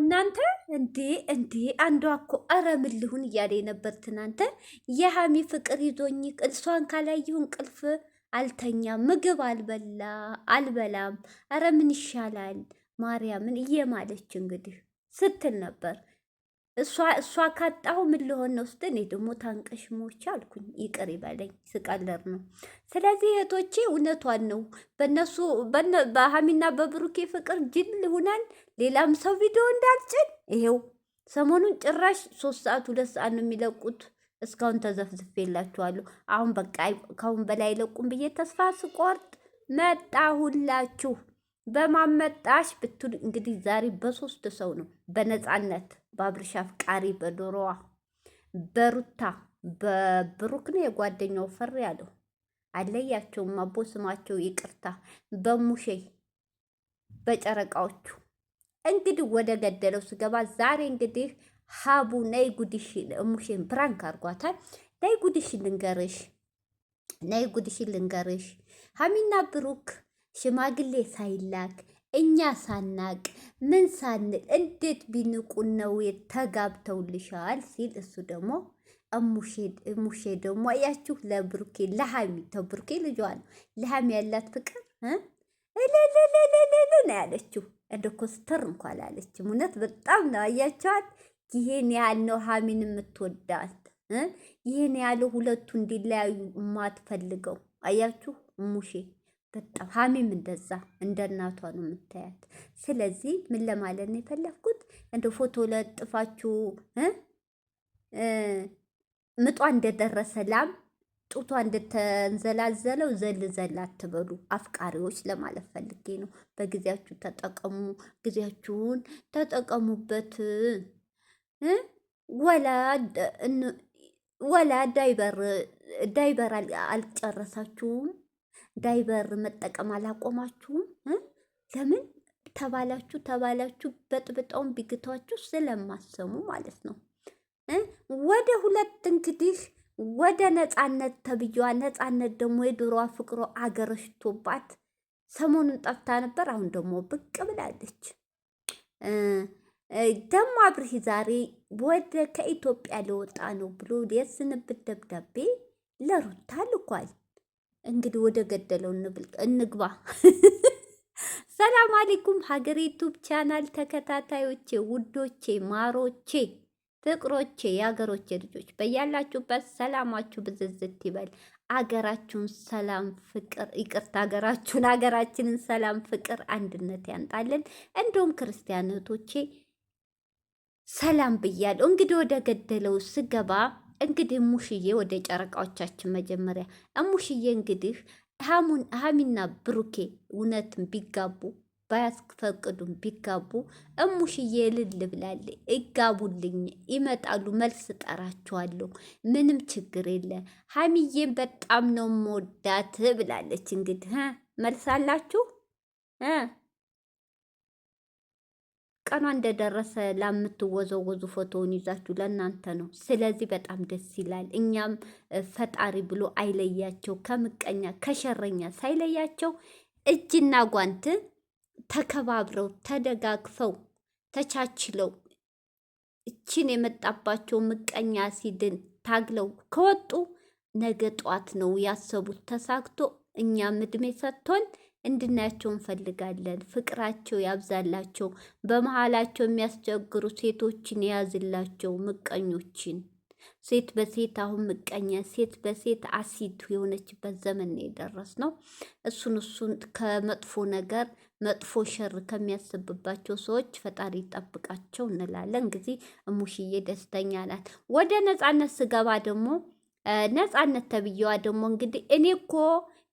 እናንተ እንዴ እንዴ አንዷ እኮ ኧረ ምን ልሁን እያለ ነበር ትናንተ። የሀሚ ፍቅር ይዞኝ እሷን ካላየሁ እንቅልፍ አልተኛም፣ ምግብ አልበላ አልበላም፣ ኧረ ምን ይሻላል ማርያምን እየማለች እንግዲህ ስትል ነበር። እሷ እሷ ካጣሁ ምን ልሆን ነው ስትል እኔ ደግሞ ታንቀሽ ሞች አልኩኝ። ይቅር ይበለኝ ስቀለር ነው። ስለዚህ እህቶቼ እውነቷን ነው። በነሱ በሀሚና በብሩኬ ፍቅር ጅል ሁነን ሌላም ሰው ቪዲዮ እንዳልጭን ይሄው ሰሞኑን ጭራሽ ሶስት ሰዓት ሁለት ሰዓት ነው የሚለቁት። እስካሁን ተዘፍዝፌላችኋለሁ። አሁን በቃ ካሁን በላይ ለቁም ብዬ ተስፋ ስቆርጥ መጣሁላችሁ። በማመጣሽ ብትሉ እንግዲህ ዛሬ በሶስት ሰው ነው በነፃነት በአብርሽ አፍቃሪ በዶሮዋ በሩታ በብሩክ ነው የጓደኛው ፈር ያለው አለያቸውም አቦ ስማቸው ይቅርታ በሙሼ በጨረቃዎቹ እንግዲህ ወደ ገደለው ስገባ ዛሬ እንግዲህ ሀቡ ነይ ጉድሽ ሙሼን ብራንክ አርጓታል። ነይ ጉድሽ ልንገርሽ፣ ነይ ጉድሽ ልንገርሽ ሀሚና ብሩክ ሽማግሌ ሳይላክ እኛ ሳናቅ ምን ሳንል እንዴት ቢንቁን ነው ተጋብተውልሻል? ሲል እሱ ደግሞ ሙሼ ደግሞ አያችሁ ለብሩኬ ለሃሚ ተብሩኬ ልጇ ነው ለሃሚ ያላት ፍቅር እልልልልልል ነው ያለችው። እንደ ኮስተር እንኳን አለችም። እውነት በጣም ነው አያቸዋል። ይሄን ያህል ነው ሃሚን የምትወዳት። ይሄን ያህል ሁለቱ እንዲለያዩ የማትፈልገው አያችሁ ሙሼ በጣም ሀሚም እንደዛ እንደ እናቷ ነው የምታያት። ስለዚህ ምን ለማለት ነው የፈለግኩት እንደ ፎቶ ለጥፋችሁ ምጧ እንደደረሰ ላም ጡቷ እንደተንዘላዘለው ዘል ዘል አትበሉ አፍቃሪዎች ለማለት ፈልጌ ነው። በጊዜያችሁ ተጠቀሙ፣ ጊዜያችሁን ተጠቀሙበት። ወላ ዳይበር አልጨረሳችሁም። ዳይበር መጠቀም አላቆማችሁም? ለምን ተባላችሁ ተባላችሁ በጥብጣውን ቢግታችሁ ስለማሰሙ ማለት ነው። ወደ ሁለት እንግዲህ ወደ ነጻነት ተብዬዋ ነጻነት ደግሞ የድሮዋ ፍቅሮ አገረሽቶባት ሰሞኑን ጠፍታ ነበር። አሁን ደግሞ ብቅ ብላለች። ደግሞ አብርሂ ዛሬ ወደ ከኢትዮጵያ ለወጣ ነው ብሎ የስንብት ደብዳቤ ለሩታ ልኳል። እንግዲህ ወደ ገደለው እንግባ። ሰላም አለይኩም ሀገሬ ዩቱብ ቻናል ተከታታዮቼ፣ ውዶቼ፣ ማሮቼ፣ ፍቅሮቼ፣ የሀገሮቼ ልጆች በያላችሁበት ሰላማችሁ ብዝዝት ይበል። አገራችሁን ሰላም ፍቅር፣ ይቅርታ፣ አገራችሁን አገራችንን ሰላም ፍቅር፣ አንድነት ያንጣለን። እንዲሁም ክርስቲያን እህቶቼ ሰላም ብያለሁ። እንግዲህ ወደ ገደለው ስገባ እንግዲህ ሙሽዬ ወደ ጨረቃዎቻችን መጀመሪያ ሙሽዬ እንግዲህ ሀሚና ብሩኬ እውነትን ቢጋቡ ባያስፈቅዱም ቢጋቡ እሙሽዬ ልል ብላለ ይጋቡልኝ፣ ይመጣሉ፣ መልስ ጠራችኋለሁ፣ ምንም ችግር የለ፣ ሀሚዬን በጣም ነው መወዳት ብላለች። እንግዲህ መልስ አላችሁ? ቀኗ እንደደረሰ ለምትወዘወዙ ፎቶውን ይዛችሁ ለእናንተ ነው። ስለዚህ በጣም ደስ ይላል። እኛም ፈጣሪ ብሎ አይለያቸው ከምቀኛ ከሸረኛ ሳይለያቸው እጅና ጓንት ተከባብረው ተደጋግፈው ተቻችለው እችን የመጣባቸው ምቀኛ ሲድን ታግለው ከወጡ ነገ ጧት ነው ያሰቡት ተሳክቶ እኛም እድሜ ሰጥቶን እንድናያቸው እንፈልጋለን። ፍቅራቸው ያብዛላቸው። በመሀላቸው የሚያስቸግሩ ሴቶችን የያዝላቸው ምቀኞችን። ሴት በሴት አሁን ምቀኛ ሴት በሴት አሲድ የሆነችበት ዘመን ነው የደረስ ነው። እሱን እሱን ከመጥፎ ነገር መጥፎ ሸር ከሚያስብባቸው ሰዎች ፈጣሪ ይጠብቃቸው እንላለን። እንግዲህ እሙሽዬ ደስተኛ ናት። ወደ ነጻነት ስገባ ደግሞ ነጻነት ተብዬዋ ደግሞ እንግዲህ እኔ እኮ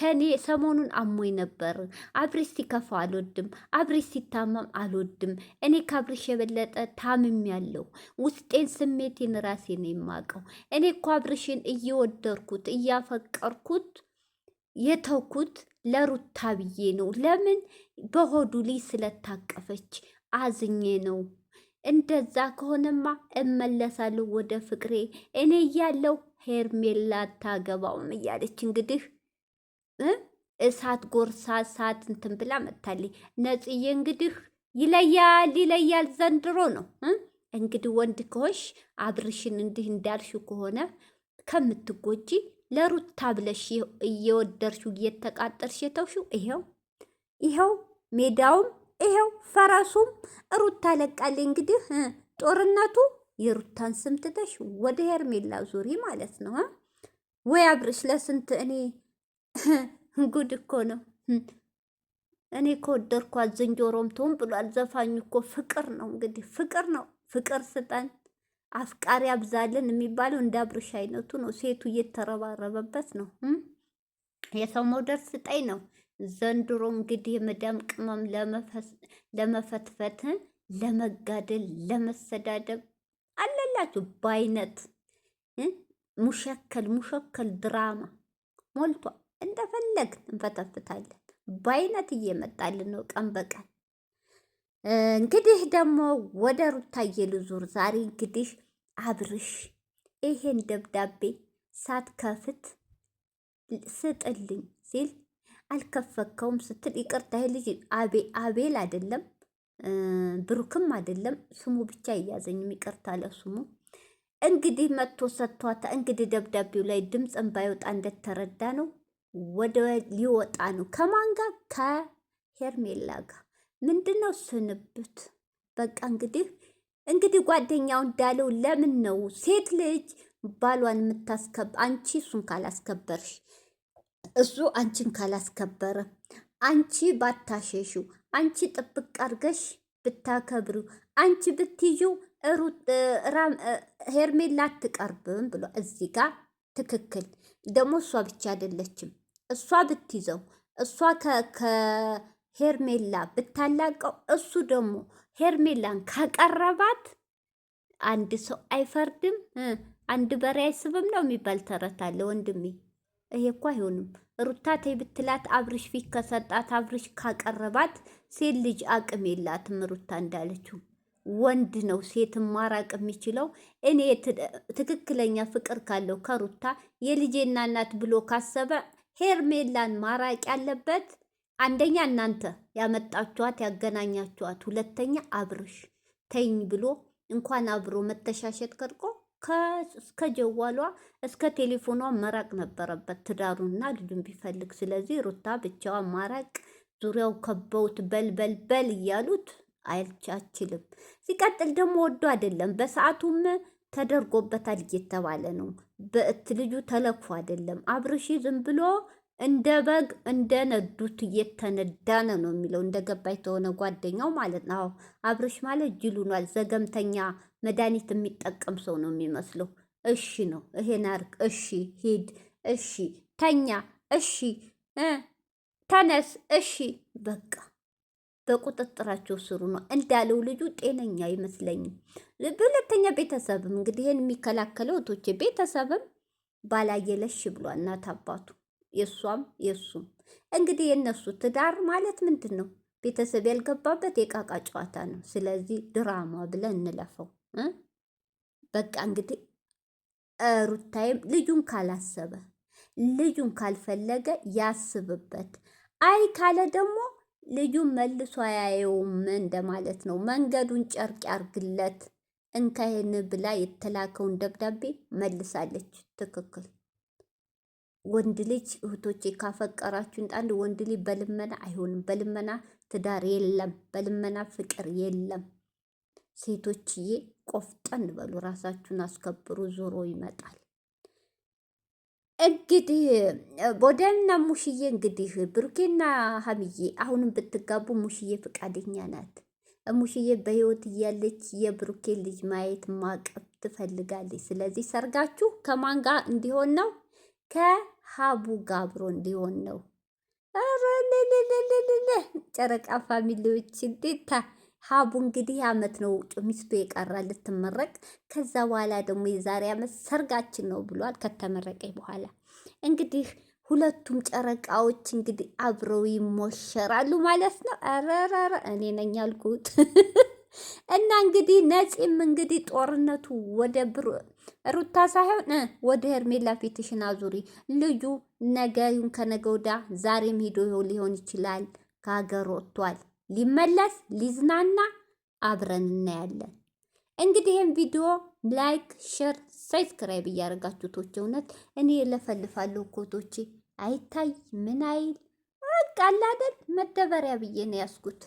ከኔ ሰሞኑን አሞኝ ነበር። አብሬ ሲከፋ አልወድም፣ አብሬ ሲታመም አልወድም። እኔ ካብሬሽ የበለጠ ታምም ያለው ውስጤን ስሜቴን ራሴ ነው የማውቀው። እኔ እኮ አብሬሽን እየወደርኩት እያፈቀርኩት የተውኩት ለሩታ ብዬ ነው። ለምን በሆዱ ልይ ስለታቀፈች አዝኜ ነው። እንደዛ ከሆነማ እመለሳለሁ ወደ ፍቅሬ። እኔ እያለው ሄርሜላ አታገባውም እያለች እንግዲህ እሳት ጎርሳ እሳት እንትን ብላ መታለች። ነጽዬ እንግዲህ ይለያል ይለያል ዘንድሮ ነው እንግዲህ ወንድ ከሆንሽ አብርሽን እንዲህ እንዳልሽው ከሆነ ከምትጎጂ ለሩታ ብለሽ እየወደርሽው እየተቃጠርሽ የተውሽው ይሄው ይሄው ሜዳውም ይሄው ፈረሱም ሩታ ለቃለች። እንግዲህ ጦርነቱ የሩታን ስም ትተሽ ወደ ሄርሜላ ዙሪ ማለት ነው ወይ አብርሽ ለስንት እኔ ጉድ እኮ ነው። እኔ ከወደድኳት ዝንጀሮም ትሁን ብሏል ዘፋኙ እኮ ፍቅር ነው እንግዲህ ፍቅር ነው። ፍቅር ስጠን አፍቃሪ አብዛልን የሚባለው እንደ አብርሽ አይነቱ ነው። ሴቱ እየተረባረበበት ነው። የሰው መውደድ ስጠኝ ነው። ዘንድሮ እንግዲህ የመዳም ቅመም ለመፈትፈት፣ ለመጋደል፣ ለመሰዳደብ አለላችሁ በአይነት ሙሸከል ሙሸከል ድራማ ሞልቷል። እንደፈለግ እንፈተፍታለን። በአይነት እየመጣልን ነው ቀን በቀን። እንግዲህ ደግሞ ወደ ሩታዬ ልዙር። ዛሬ እንግዲህ አብርሽ ይሄን ደብዳቤ ሳትከፍት ስጥልኝ ሲል አልከፈከውም ስትል ይቅርታ፣ ይሄ ልጅ አቤል አይደለም ብሩክም አይደለም ስሙ ብቻ እያዘኝም ይቅርታ ለስሙ እንግዲህ መጥቶ ሰጥቷታ እንግዲህ ደብዳቤው ላይ ድምፅን ባይወጣ እንደተረዳ ነው። ወደ ሊወጣ ነው። ከማን ጋር? ከሄርሜላ ጋር። ምንድን ነው ስንብት? በቃ እንግዲህ እንግዲህ ጓደኛው እንዳለው ለምን ነው ሴት ልጅ ባሏን የምታስከብ? አንቺ እሱን ካላስከበርሽ፣ እሱ አንቺን ካላስከበረ፣ አንቺ ባታሸሹ፣ አንቺ ጥብቅ አርገሽ ብታከብሩ፣ አንቺ ብትዩ ሄርሜላ አትቀርብም ብሎ እዚህ ጋር ትክክል ደግሞ እሷ ብቻ አይደለችም። እሷ ብትይዘው እሷ ከሄርሜላ ብታላቀው እሱ ደግሞ ሄርሜላን ካቀረባት አንድ ሰው አይፈርድም፣ አንድ በሬ አይስብም ነው የሚባል ተረት አለ ወንድሜ። ይሄ እኮ አይሆንም። ሩታ ተይ ብትላት አብርሽ ፊት ከሰጣት አብርሽ ካቀረባት ሴት ልጅ አቅም የላትም። ሩታ እንዳለችው ወንድ ነው ሴት ማራቅ የሚችለው። እኔ ትክክለኛ ፍቅር ካለው ከሩታ የልጄና እናት ብሎ ካሰበ ሄርሜላን ማራቅ ያለበት አንደኛ እናንተ ያመጣችኋት ያገናኛችኋት፣ ሁለተኛ አብርሽ ተኝ ብሎ እንኳን አብሮ መተሻሸት ቀርቆ እስከ ጀዋሏ እስከ ቴሌፎኗ መራቅ ነበረበት ትዳሩና ልጁን ቢፈልግ። ስለዚህ ሩታ ብቻዋ ማራቅ ዙሪያው ከበውት በልበልበል እያሉት አይልቻችልም። ሲቀጥል ደግሞ ወዶ አይደለም በሰዓቱም ተደርጎበታል እየተባለ ነው። በእት ልጁ ተለኩ አይደለም አብርሺ ዝም ብሎ እንደ በግ እንደ ነዱት እየተነዳነ ነው የሚለው እንደ ገባይ ተሆነ ጓደኛው ማለት ነው። አብርሽ ማለት ጅሉኗል ዘገምተኛ መድኃኒት የሚጠቀም ሰው ነው የሚመስለው። እሺ ነው ይሄን አርግ፣ እሺ ሂድ፣ እሺ ተኛ፣ እሺ ተነስ፣ እሺ በቃ በቁጥጥራቸው ስሩ ነው እንዳለው ልጁ ጤነኛ አይመስለኝም። በሁለተኛ ቤተሰብም እንግዲህ ይህን የሚከላከለው እቶቼ ቤተሰብም ባላየለሽ ብሏል። እናት አባቱ የእሷም የእሱም እንግዲህ የእነሱ ትዳር ማለት ምንድን ነው? ቤተሰብ ያልገባበት የቃቃ ጨዋታ ነው። ስለዚህ ድራማ ብለን እንለፈው። በቃ እንግዲህ ሩታይም ልጁን ካላሰበ ልጁን ካልፈለገ ያስብበት። አይ ካለ ደግሞ ልጁን መልሶ አያየውም እንደማለት ነው። መንገዱን ጨርቅ ያርግለት እንካሄን ብላ የተላከውን ደብዳቤ መልሳለች። ትክክል። ወንድ ልጅ እህቶቼ ካፈቀራችሁ አንድ ወንድ ልጅ በልመና አይሆንም። በልመና ትዳር የለም። በልመና ፍቅር የለም። ሴቶችዬ ቆፍጠን በሉ፣ ራሳችሁን አስከብሩ። ዞሮ ይመጣል። እንግዲህ ወደና ሙሽዬ እንግዲህ ብሩኬና ሀምዬ አሁንም ብትጋቡ ሙሽዬ ፈቃደኛ ናት። ሙሽዬ በህይወት እያለች የብሩኬ ልጅ ማየት ማቀፍ ትፈልጋለች። ስለዚህ ሰርጋችሁ ከማን ጋር እንዲሆን ነው? ከሀቡ ጋር አብሮ እንዲሆን ነው። ጨረቃ ፋሚሊዎች እንዴታ ሀቡ እንግዲህ አመት ነው ሚስቱ የቀራ ልትመረቅ። ከዛ በኋላ ደግሞ የዛሬ አመት ሰርጋችን ነው ብሏል። ከተመረቀ በኋላ እንግዲህ ሁለቱም ጨረቃዎች እንግዲህ አብረው ይሞሸራሉ ማለት ነው። ረረረ እኔ ነኝ ያልኩት። እና እንግዲህ ነፂም እንግዲህ ጦርነቱ ወደ ብር ሩታ ሳይሆን ወደ ሄርሜላ ፊትሽን አዙሪ። ልዩ ነገዩን ከነገ ወዲያ ዛሬም ሂዶ ሊሆን ይችላል። ከሀገር ወጥቷል። ሊመለስ ሊዝናና አብረን እናያለን። እንግዲህ ይህም ቪዲዮ ላይክ፣ ሼር፣ ሰብስክራይብ እያደረጋችሁ ቶች እውነት እኔ ለፈልፋለሁ ኮቶቼ አይታይ ምን አይል በቃ አላደል መደበሪያ ብዬ ነው ያስኩት።